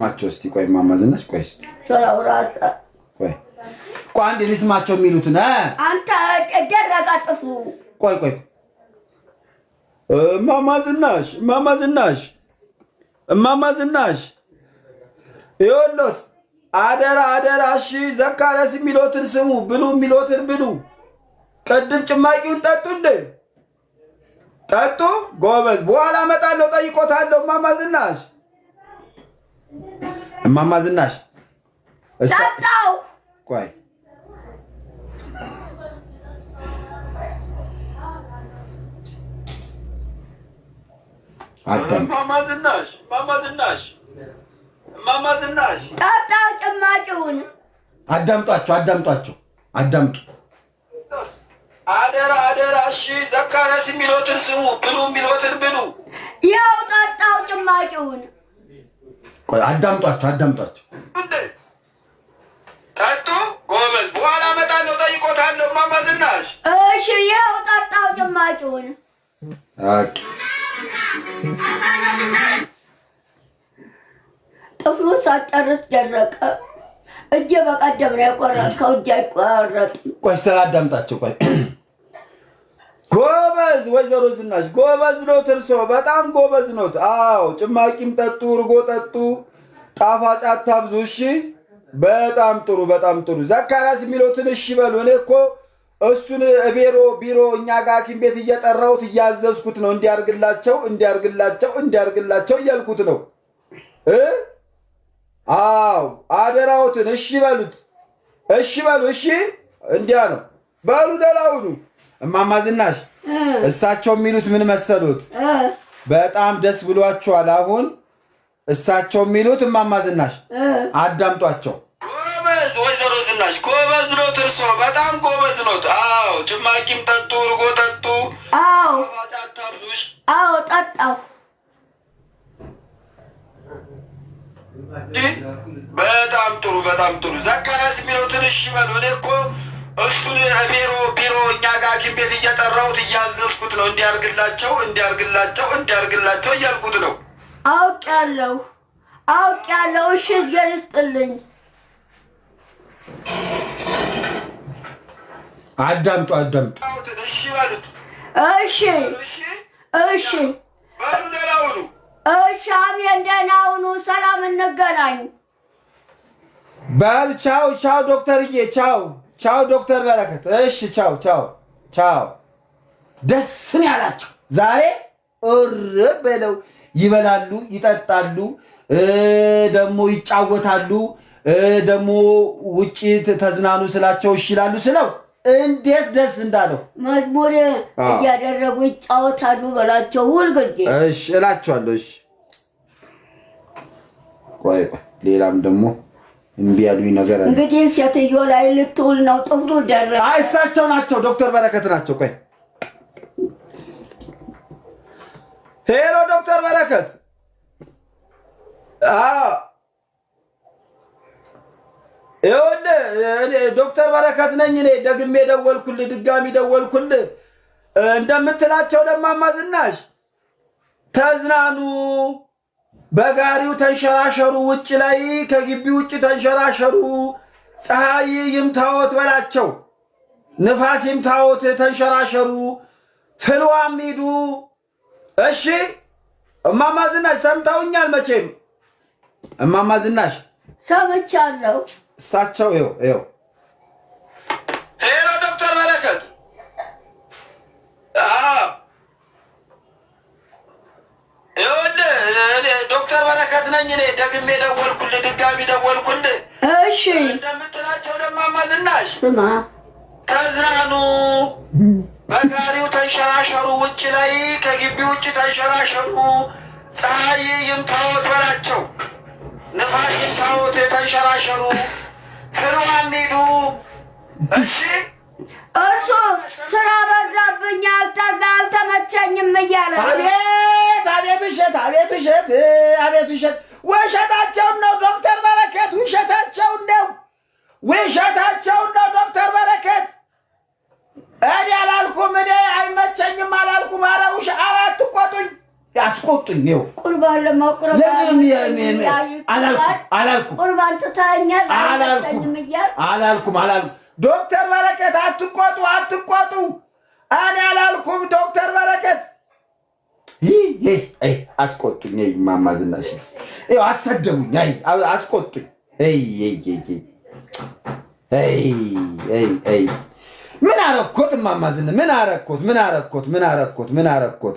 ስማቸው እስቲ ቆይ፣ እማማ ዝናሽ ቆይ እስቲ ቆይ ቆይ፣ አንድ አንተ ቆይ ቆይ፣ እማማ ዝናሽ፣ እማማ ዝናሽ፣ እማማ ዝናሽ፣ ይኸውልዎት፣ አደራ አደራ። እሺ ዘካሪያስ የሚሎትን ስሙ፣ ብሉ የሚሎትን ብሉ። ቅድም ጭማቂውን ጠጡ እንዴ? ጠጡ። ጎበዝ፣ በኋላ እመጣለሁ፣ ጠይቆታለሁ። እማማ ዝናሽ እማማ ዝናሽ ቆይ እማማ ዝናሽ እማማ ዝናሽ እማማ ዝናሽ ጠጣው ጭማቂውን። አዳምጧቸው አዳምጧቸው አዳምጡ። አደራ አደራ። እሺ ዘካነስ የሚሎትን ስሙ፣ ብሉ የሚሎትን ብሉ። ያው ጠጣው ጭማቂውን አዳምጧቸው፣ አዳምጧቸው። ጠጡ ጎበዝ። በኋላ እመጣለሁ፣ ጠይቆታለሁ። እማማ ዝናሽ እሺ፣ ይኸው ጠጣው ጭማቂውን። ጥፍሩ ሳጨርስ ደረቀ። እጄ በቀደም ነው የቆረጥከው። እጄ አይቆረጥም። ቆይ ስትል አዳምጣቸው። ቆይ ጎበዝ ወይዘሮ ዝናሽ ጎበዝ ኖት፣ እርሶ በጣም ጎበዝ ኖት። አዎ ጭማቂም ጠጡ፣ እርጎ ጠጡ፣ ጣፋጭ አታብዙ። እሺ፣ በጣም ጥሩ፣ በጣም ጥሩ። ዘካርያስ የሚሉትን እሺ በሉ። እኔ እኮ እሱን ቢሮ ቢሮ እኛ ጋር ሐኪም ቤት እየጠራሁት እያዘዝኩት ነው። እንዲያርግላቸው እንዲያርግላቸው እንዲያርግላቸው እያልኩት ነው። አዎ አደራውትን እሺ በሉት፣ እሺ በሉ። እሺ፣ እንዲያ ነው በሉ። ደላውኑ እማማ ዝናሽ እሳቸው የሚሉት ምን መሰሉት? በጣም ደስ ብሏቸዋል። አሁን እሳቸው የሚሉት እማማ ዝናሽ አዳምጧቸው። ጎበዝ ወይዘሮ ዝናሽ ጎበዝ ኖት፣ እርሶ በጣም ጎበዝ ኖት። አዎ ጭማቂም ጠጡ፣ እርጎ ጠጡ። አዎ አዎ ጠጣው። በጣም ጥሩ በጣም ጥሩ። ዘካርያስ የሚለው ትንሽ ይበል። እኔ እኮ እሱን ቢሮ ቢሮ እኛ ጋር ሐኪም ቤት እየጠራሁት እያዘዝኩት ነው። እንዲያርግላቸው እንዲያርግላቸው እንዲያርግላቸው እያልኩት ነው። አውቅ አውቄያለሁ አውቄያለሁ። እሺ እግዜር ይስጥልኝ። አዳምጡ አዳምጡ። እሺ በሉት። እሺ እሺ በሉ። ደህና ሁኑ። እሺ አሜን። ደህና ሁኑ። ሰላም እንገናኝ። በል ቻው ቻው። ዶክተርዬ ቻው ቻው ዶክተር በረከት እሺ፣ ቻው ቻው ቻው። ደስም ያላቸው ዛሬ እር በለው ይበላሉ፣ ይጠጣሉ፣ ደግሞ ይጫወታሉ። ደግሞ ውጭ ተዝናኑ ስላቸው እሺ ይላሉ። ስለው እንዴት ደስ እንዳለው መዝሙር እያደረጉ ይጫወታሉ በላቸው። ሁልጊዜ እሺ እላቸዋለሁ። እሺ ቆይ ቆይ ሌላም ደግሞ እምቢ ያሉኝ ነገር አለ። እንግዲህ ሴትዮ ላይ ልትውል ነው። ጥሩ ደረ አይ እሳቸው ናቸው፣ ዶክተር በረከት ናቸው። ቆይ ሄሎ፣ ዶክተር በረከት ይኸውልህ፣ ዶክተር በረከት ነኝ እኔ። ደግሜ ደወልኩል ድጋሚ ደወልኩል። እንደምትላቸው ለማማ ዝናሽ ተዝናኑ በጋሪው ተንሸራሸሩ፣ ውጭ ላይ ከግቢ ውጭ ተንሸራሸሩ። ፀሐይ ይምታወት በላቸው፣ ንፋስ ይምታወት ተንሸራሸሩ፣ ፍልዋም ሂዱ። እሺ እማማ ዝናሽ ሰምተውኛል መቼም። እማማ ዝናሽ ሰምቻለሁ። እሳቸው ይኸው ይኸው ነኝ እኔ። ደግሜ ደወልኩልህ፣ ድጋሚ ደወልኩልህ። እሺ እንደምትላቸው ደግሞ ማዝናሽ ተዝናኑ፣ በጋሪው ተንሸራሸሩ፣ ውጭ ላይ ከግቢ ውጭ ተንሸራሸሩ፣ ፀሐይ ይምታወት በላቸው፣ ንፋስ ይምታወት ተንሸራሸሩ፣ ፍልዋም ሂዱ። እሺ እርሱ ስራ በዛብኝ አልተመቸኝም እያለ አቤት አቤት ውሸት አቤት ውሸት አቤት ውሸት ውሸታቸውን ነው ዶክተር በረከት ውሸታቸውን ነው ውሸታቸውን ነው ዶክተር በረከት እኔ አላልኩም እኔ አይመቸኝም አላልኩም ኧረ ውሸ አራት ቆጡኝ ያስቆጡኝ ነው አላልኩም አላልኩም ዶክተር በረከት አትቆጡ አትቆጡ እኔ አላልኩም ዶክተር በረከት ይህ ይህ አስቆጡኝ ማማዝናሽ አሰደቡኝ፣ አስቆጡኝ። ምን አረኮት እማማ ዝናብ? ምን አረኮት? ምን አረኮት? ምን አረኮት? ምን አረኮት?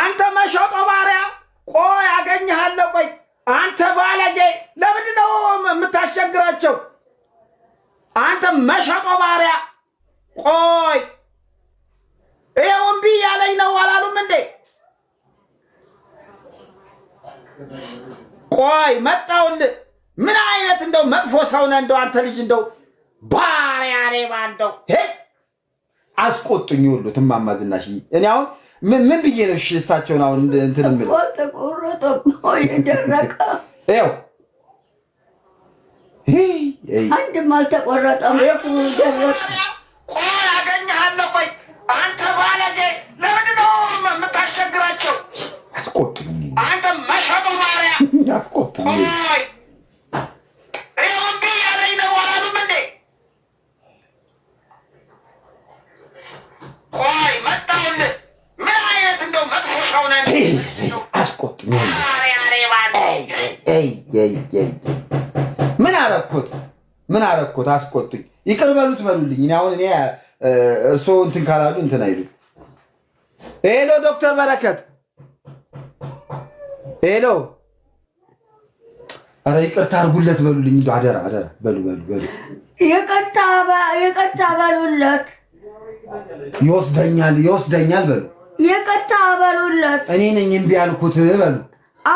አንተ መሸጦ ባሪያ፣ ቆይ አገኘሃለሁ። ቆይ አንተ ባለጌ፣ ለምንድን ነው የምታስቸግራቸው? አንተ መሸጦ ባሪያ፣ ቆይ ሆይ መጣውል ምን አይነት እንደው መጥፎ ሰው ሰውነ እንደው አንተ ልጅ እንደው ባሪያ ሌባ እንደው አስቆጡኝ ሁሉ ትማማ ዝናሽ እኔ አሁን ምን ብዬ ነው እሳቸውን አሁን እንትን የምልህ የደረቀ ይኸው አንድም አልተቆረጠም ደረቀ አስቆጥኝ። ምን አረኩት? ምን አረኩት? አስቆጡኝ። ይቅር በሉት በሉልኝ። እኔ አሁን እኔ እርሶ እንትን ካላሉ እንትን አይሉ። ሄሎ ዶክተር በረከት ሄሎ። አረ ይቅርታ አርጉለት በሉልኝ። እንደው አደራ አደራ፣ በሉ በሉ በሉ፣ ይቅርታ በሉለት። ይወስደኛል ይወስደኛል በሉ ይቅርታ በሉለት። እኔ ነኝ እምቢ አልኩት በሉ።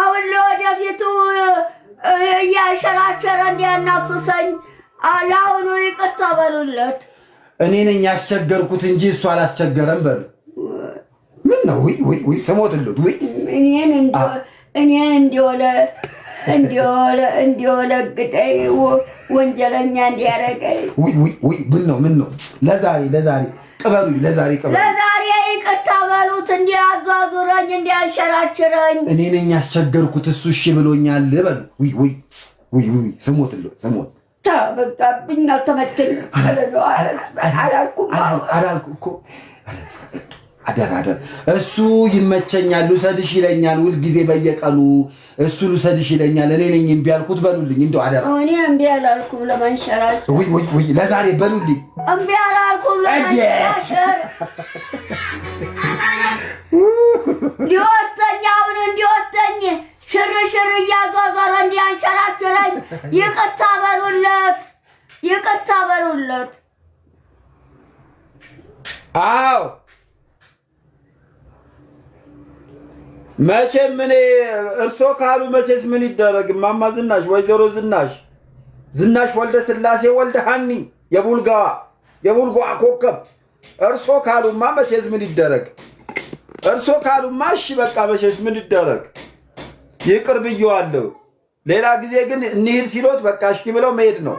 አሁን ለወደፊቱ እያሸራሸረ እንዲያናፍሰኝ ለአሁኑ ይቅርታ በሉለት። እኔ ነኝ ያስቸገርኩት እንጂ እሱ አላስቸገረም በሉ። ምን ነው ውይ ውይ ውይ ስሞትሉት ውይ እኔን እኔን እንዲወለ እንዲወለ እንዲወለ ግዳይ ወንጀለኛ እንዲያረገኝ ውይ ውይ ውይ ምን ነው ምን ነው ለዛሬ ለዛሬ ቅበሉ ለዛሬ ቅበሉ ለዛሬ ይቅርታ በሉት፣ እንዲያዟዙረኝ እንዲያንሸራችረኝ እኔ ነኝ ያስቸገርኩት እሱ እሺ ብሎኛል በሉ። ውይ ውይ ውይ ውይ ስሞት ሎ ስሞት ተመጣብኝ አልተመቸኝ አላልኩ እኮ አደር አደር እሱ ይመቸኛል ልውሰድሽ ይለኛል ሁልጊዜ በየቀኑ እሱ ልውሰድሽ ይለኛል። እኔ ነኝ እምቢ አልኩት በሉልኝ፣ እንደው አደራ እኔ እምቢ አላልኩም ለማንሸራች። ውይ ውይ ውይ ለዛሬ በሉልኝ እምቢ አላልኩም። እንዲወስደኛውን እንዲወስደኝ ሽር እያጓጓረ እንዲያንሸራችረኝ ይቅርታ በሉለት፣ ይቅርታ በሉለት። አዎ መቼም እኔ እርሶ ካሉ መቼስ ምን ይደረግ። እማማ ዝናሽ፣ ወይዘሮ ዝናሽ ዝናሽ ወልደ ስላሴ ወልደ ሀኒ የቡልጋዋ የቡልጓ ኮከብ እርሶ ካሉማ መቼስ ምን ይደረግ? እርሶ ካሉማ እሺ በቃ መቼስ ምን ይደረግ? ይቅር ብየዋለሁ። ሌላ ጊዜ ግን እንሂድ ሲሎት በቃ እሺ ብለው መሄድ ነው።